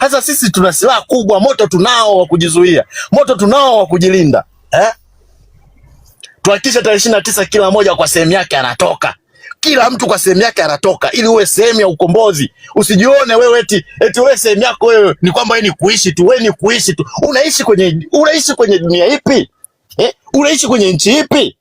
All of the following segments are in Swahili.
Sasa sisi tuna silaha kubwa, moto tunao wa kujizuia, moto tunao wa kujilinda eh? Tuhakikishe tarehe ishirini na tisa kila moja kwa sehemu yake anatoka, kila mtu kwa sehemu yake anatoka, ili uwe sehemu ya ukombozi. Usijione wewe eti eti wewe sehemu yako wewe ni kwamba wewe ni kuishi tu, wewe ni kuishi tu. Unaishi kwenye unaishi kwenye dunia ipi eh? Unaishi kwenye nchi ipi?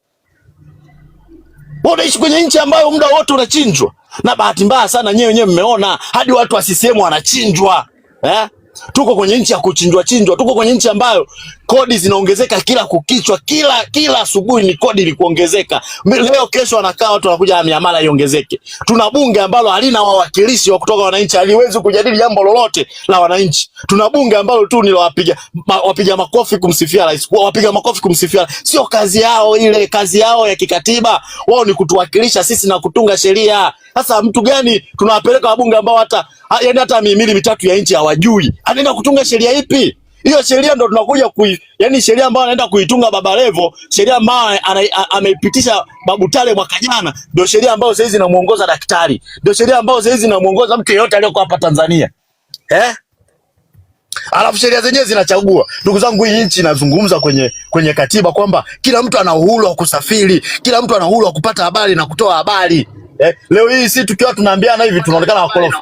Wewe Unaishi kwenye nchi ambayo muda wote unachinjwa, na bahati mbaya sana nyewe wenyewe mmeona hadi watu wa CCM wanachinjwa eh? Tuko kwenye nchi ya kuchinjwa chinjwa, tuko kwenye nchi ambayo kodi zinaongezeka kila kukichwa, kila kila asubuhi ni kodi kuongezeka. Leo kesho anakaa watu wanakuja ah, miamala iongezeke. Tuna bunge ambalo halina wawakilishi wa kutoka wananchi, haliwezi kujadili jambo lolote la wananchi. Tuna bunge ambalo tu ni wapiga ma, wapiga makofi kumsifia rais, wapiga makofi kumsifia. Sio kazi yao ile, kazi yao ya kikatiba wao ni kutuwakilisha sisi na kutunga sheria. Sasa mtu gani tunawapeleka wabunge ambao hata yani hata mihimili mitatu ya nchi hawajui? Anaenda kutunga sheria ipi? Hiyo sheria ndo tunakuja kui, yani sheria ambayo anaenda kuitunga Baba Levo, sheria ambayo ameipitisha Babu Tale mwaka jana, ndio sheria ambayo sasa hizi inamuongoza daktari, ndio sheria ambayo sasa hizi inamuongoza mtu yeyote aliyokuwa hapa Tanzania eh? Alafu sheria zenyewe zinachagua. Ndugu zangu, hii nchi inazungumza kwenye kwenye katiba kwamba kila mtu ana uhuru wa kusafiri, kila mtu ana uhuru wa kupata habari na kutoa habari. Eh, leo hii si tukiwa tunaambiana hivi tunaonekana wakorofi.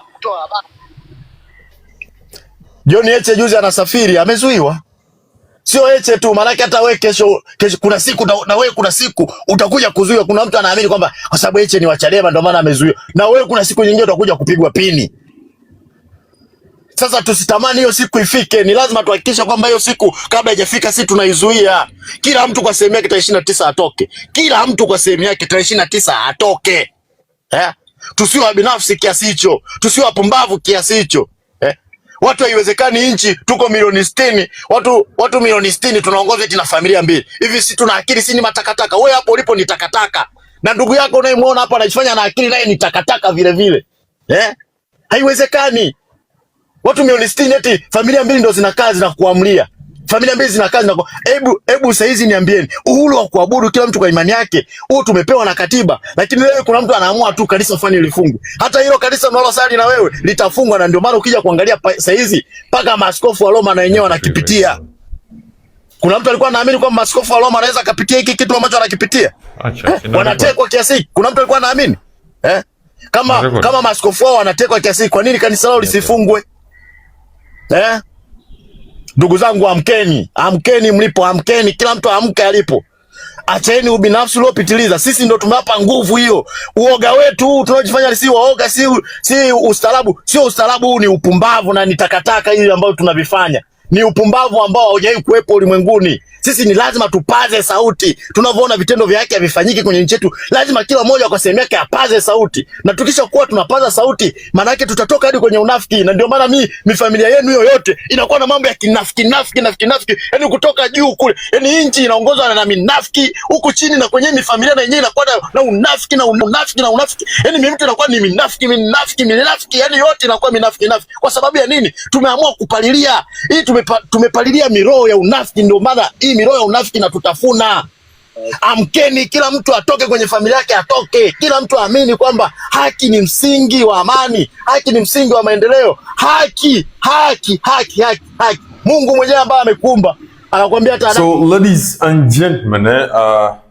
John Heche juzi anasafiri amezuiwa. Sio Heche tu, maanake hata wewe kesho, kesho kuna siku na, na wewe kuna siku utakuja kuzuiwa. Kuna mtu anaamini kwamba kwa sababu Heche ni wachadema ndio maana amezuiwa, na wewe kuna siku nyingine utakuja kupigwa pini. Sasa tusitamani hiyo siku ifike, ni lazima tuhakikisha kwamba hiyo siku kabla haijafika, sisi tunaizuia. Kila mtu kwa sehemu yake tarehe 29 atoke, kila mtu kwa sehemu yake tarehe 29 atoke eh? Tusiwe binafsi kiasi hicho, tusiwe wapumbavu kiasi hicho eh? Watu haiwezekani nchi tuko milioni sitini, watu watu milioni sitini tunaongozwa eti na familia mbili hivi, si tuna akili? Si ni matakataka? Wewe hapo ulipo ni takataka, na ndugu yako unayemwona hapo anajifanya na akili, naye ni takataka vile vile eh? Haiwezekani watu milioni sitini eti familia mbili ndo zina kazi na kuamlia familia mbili zina kazi na kwa, Hebu hebu sasa hizi niambieni, uhuru wa kuabudu kila mtu kwa imani yake, huu tumepewa na katiba, lakini leo kuna mtu anaamua tu kanisa fulani lifungwe. Hata hilo kanisa mnalosali na wewe litafungwa, na ndio maana ukija kuangalia sasa hizi mpaka maaskofu wa Roma na wenyewe wanakipitia. Kuna mtu alikuwa anaamini kwamba maaskofu wa Roma anaweza kapitia hiki kitu ambacho anakipitia, eh, wanatekwa kiasi. Kuna mtu alikuwa anaamini eh, kama kama maaskofu wao wanatekwa kiasi, kwa nini kanisa lao lisifungwe eh? Ndugu zangu, amkeni, amkeni mlipo, amkeni, kila mtu amke alipo. Acheni ubinafsi uliopitiliza. Sisi ndo tumewapa nguvu hiyo. Uoga wetu tunaojifanya si waoga, si si ustarabu. sio ustarabu, Huu ni upumbavu na ni takataka hili ambayo tunavifanya, ni upumbavu ambao haujawahi kuwepo ulimwenguni. Sisi ni lazima tupaze sauti. Tunavyoona vitendo vya haki havifanyiki kwenye nchi yetu, lazima kila mmoja kwa sehemu yake apaze sauti, na tukisha kuwa tunapaza sauti, maana yake tutatoka hadi kwenye unafiki. Na ndio maana mi mi familia yenu hiyo yote inakuwa na mambo ya kinafiki nafiki nafiki nafiki, yani kutoka juu kule, yani nchi inaongozwa na minafiki huku chini, na kwenye mifamilia na yenyewe inakuwa na na unafiki na unafiki na unafiki, yani mimi mtu inakuwa ni minafiki minafiki minafiki, yani yote inakuwa minafiki nafiki. Kwa sababu ya nini? Tumeamua kupalilia hii, tumepalilia miroho ya unafiki, ndio maana hii hii roho ya unafiki inatutafuna. Amkeni, kila mtu atoke kwenye familia yake, atoke kila mtu aamini kwamba haki ni msingi wa amani, haki ni msingi wa maendeleo, haki, haki, haki, haki, haki. Mungu mwenyewe ambaye amekuumba anakuambia. So ladies and gentlemen, eh, uh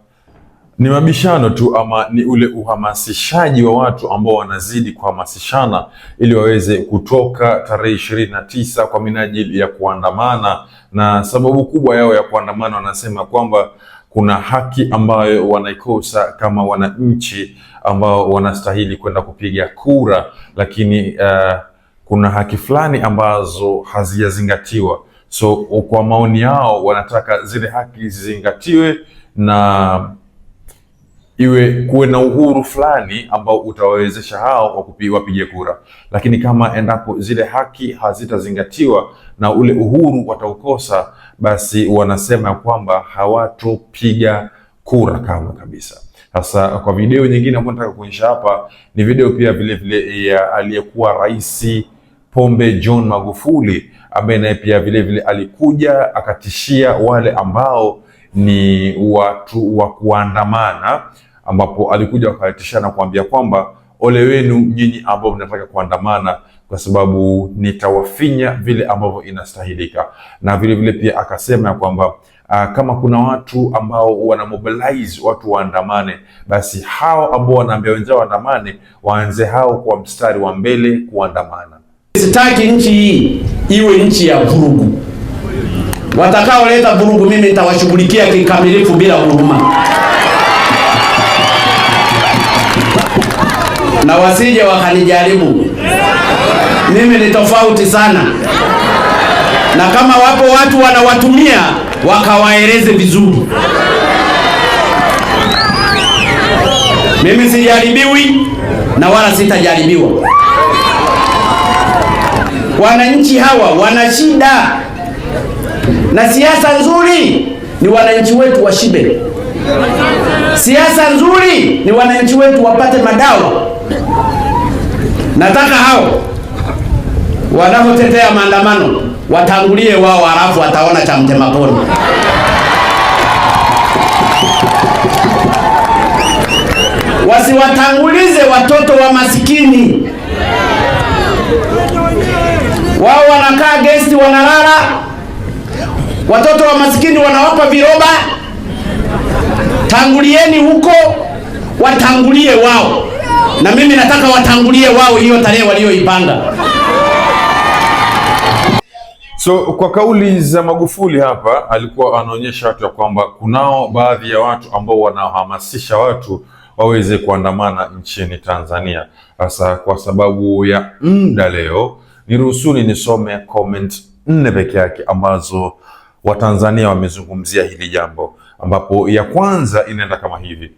ni mabishano tu ama ni ule uhamasishaji wa watu ambao wanazidi kuhamasishana ili waweze kutoka tarehe ishirini na tisa kwa minajili ya kuandamana, na sababu kubwa yao ya kuandamana wanasema kwamba kuna haki ambayo wanaikosa kama wananchi ambao wanastahili kwenda kupiga kura, lakini uh, kuna haki fulani ambazo hazijazingatiwa. So kwa maoni yao wanataka zile haki zizingatiwe na iwe kuwe na uhuru fulani ambao utawawezesha hao wapige kura, lakini kama endapo zile haki hazitazingatiwa na ule uhuru wataukosa, basi wanasema kwamba hawatopiga kura kama kabisa. Sasa kwa video nyingine ambayo nataka kuonyesha hapa ni video pia vile vile ya aliyekuwa rais Pombe John Magufuli ambaye naye pia vile vile alikuja akatishia wale ambao ni watu wa kuandamana ambapo alikuja na kuambia kwamba ole wenu nyinyi ambao mnataka kuandamana kwa sababu nitawafinya vile ambavyo inastahilika. Na vilevile vile pia akasema ya kwamba ah, kama kuna watu ambao mobilize watu waandamane, basi hao ambao wanaambia wenzao waandamane waanze hao kwa mstari wa mbele kuandamana. Sitaki nchi hii iwe nchi ya vurugu. Watakaoleta vurugu, mimi nitawashughulikia kikamilifu bila huruma. na wasije wakanijaribu. Mimi ni tofauti sana, na kama wapo watu wanawatumia wakawaeleze vizuri. Mimi sijaribiwi na wala sitajaribiwa. Wananchi hawa wana shida na siasa nzuri, ni wananchi wetu washibe. Siasa nzuri ni wananchi wetu wapate madawa. Nataka hao wanaotetea maandamano watangulie wao, halafu wataona cha mtema Wasiwatangulize watoto wa masikini. Wao wanakaa gesti, wanalala. Watoto wa masikini wanawapa viroba tangulieni huko, watangulie wao, na mimi nataka watangulie wao hiyo tarehe walioipanga. So kwa kauli za Magufuli hapa alikuwa anaonyesha watu ya kwamba kunao baadhi ya watu ambao wanahamasisha watu waweze kuandamana nchini Tanzania. Sasa kwa sababu ya muda leo, niruhusuni nisome comment nne peke yake ambazo Watanzania wamezungumzia hili jambo ambapo ya kwanza inaenda kama hivi: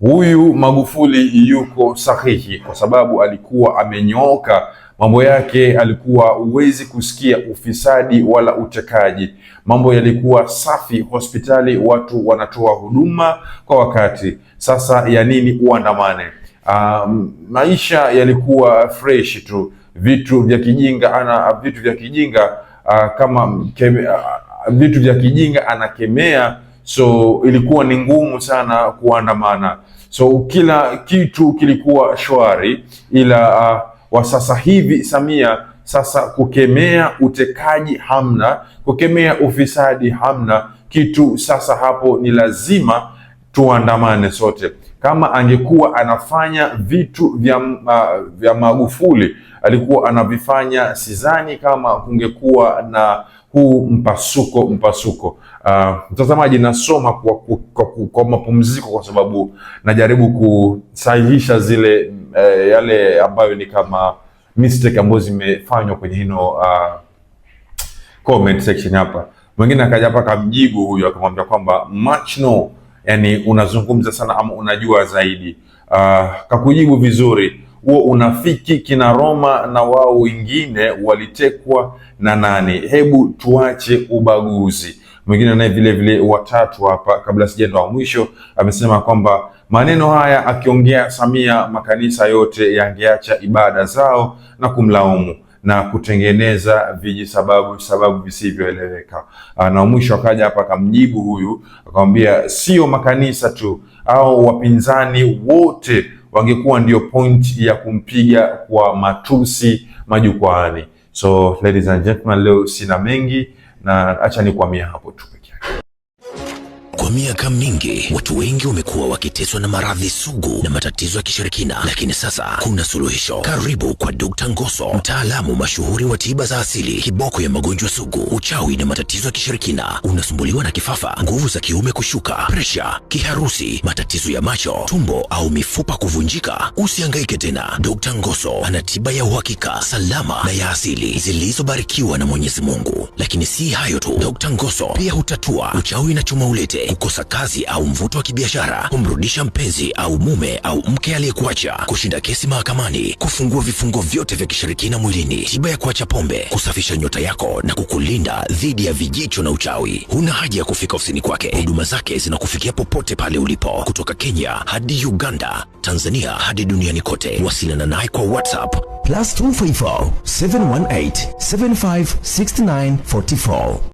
huyu Magufuli yuko sahihi kwa sababu alikuwa amenyooka mambo yake alikuwa huwezi kusikia ufisadi wala utekaji. Mambo yalikuwa safi, hospitali watu wanatoa huduma kwa wakati. Sasa ya nini uandamane? Um, maisha yalikuwa fresh tu, vitu vya kijinga ana vitu vya kijinga uh, kama keme, uh, vitu vya kijinga anakemea so ilikuwa ni ngumu sana kuandamana, so kila kitu kilikuwa shwari, ila uh, wa sasa hivi Samia sasa kukemea utekaji hamna, kukemea ufisadi hamna kitu. Sasa hapo ni lazima tuandamane sote. Kama angekuwa anafanya vitu vya, uh, vya Magufuli alikuwa anavifanya, sizani kama kungekuwa na huu mpasuko mpasuko. Ah, mtazamaji, uh, nasoma kwa, kwa, kwa, kwa mapumziko kwa sababu najaribu kusahihisha zile eh, yale ambayo ni kama mistake ambazo zimefanywa kwenye hino uh, comment section hapa. Mwingine akaja hapa kamjibu huyo akamwambia kwamba much no, yani unazungumza sana ama unajua zaidi. Uh, kakujibu vizuri huo unafiki kina Roma na wao wengine walitekwa na nani? Hebu tuache ubaguzi. Mwingine naye vile vile watatu hapa, kabla sijaenda wa mwisho, amesema kwamba maneno haya akiongea Samia, makanisa yote yangeacha ibada zao na kumlaumu na kutengeneza vijisababu sababu visivyoeleweka. Ah, na mwisho akaja hapa akamjibu huyu akamwambia, sio makanisa tu au wapinzani wote wangekuwa ndio point ya kumpiga kwa matusi majukwaani. So ladies and gentlemen, leo sina mengi na acha nikwamia hapo tu. Kwa miaka mingi watu wengi wamekuwa wakiteswa na maradhi sugu na matatizo ya kishirikina, lakini sasa kuna suluhisho. Karibu kwa Dr. Ngoso, mtaalamu mashuhuri wa tiba za asili, kiboko ya magonjwa sugu, uchawi na matatizo ya kishirikina. Unasumbuliwa na kifafa, nguvu za kiume kushuka, presha, kiharusi, matatizo ya macho, tumbo au mifupa kuvunjika? Usihangaike tena. Dr. Ngoso ana tiba ya uhakika, salama na ya asili zilizobarikiwa na Mwenyezi Mungu. Lakini si hayo tu, Dr. Ngoso pia hutatua uchawi na chuma ulete kukosa kazi au mvuto wa kibiashara, kumrudisha mpenzi au mume au mke aliyekuacha, kushinda kesi mahakamani, kufungua vifungo vyote vya kishirikina mwilini, tiba ya kuacha pombe, kusafisha nyota yako na kukulinda dhidi ya vijicho na uchawi. Huna haja ya kufika ofisini kwake, huduma zake zinakufikia popote pale ulipo, kutoka Kenya hadi Uganda, Tanzania hadi duniani kote. Wasiliana naye kwa WhatsApp plus 254 718 44.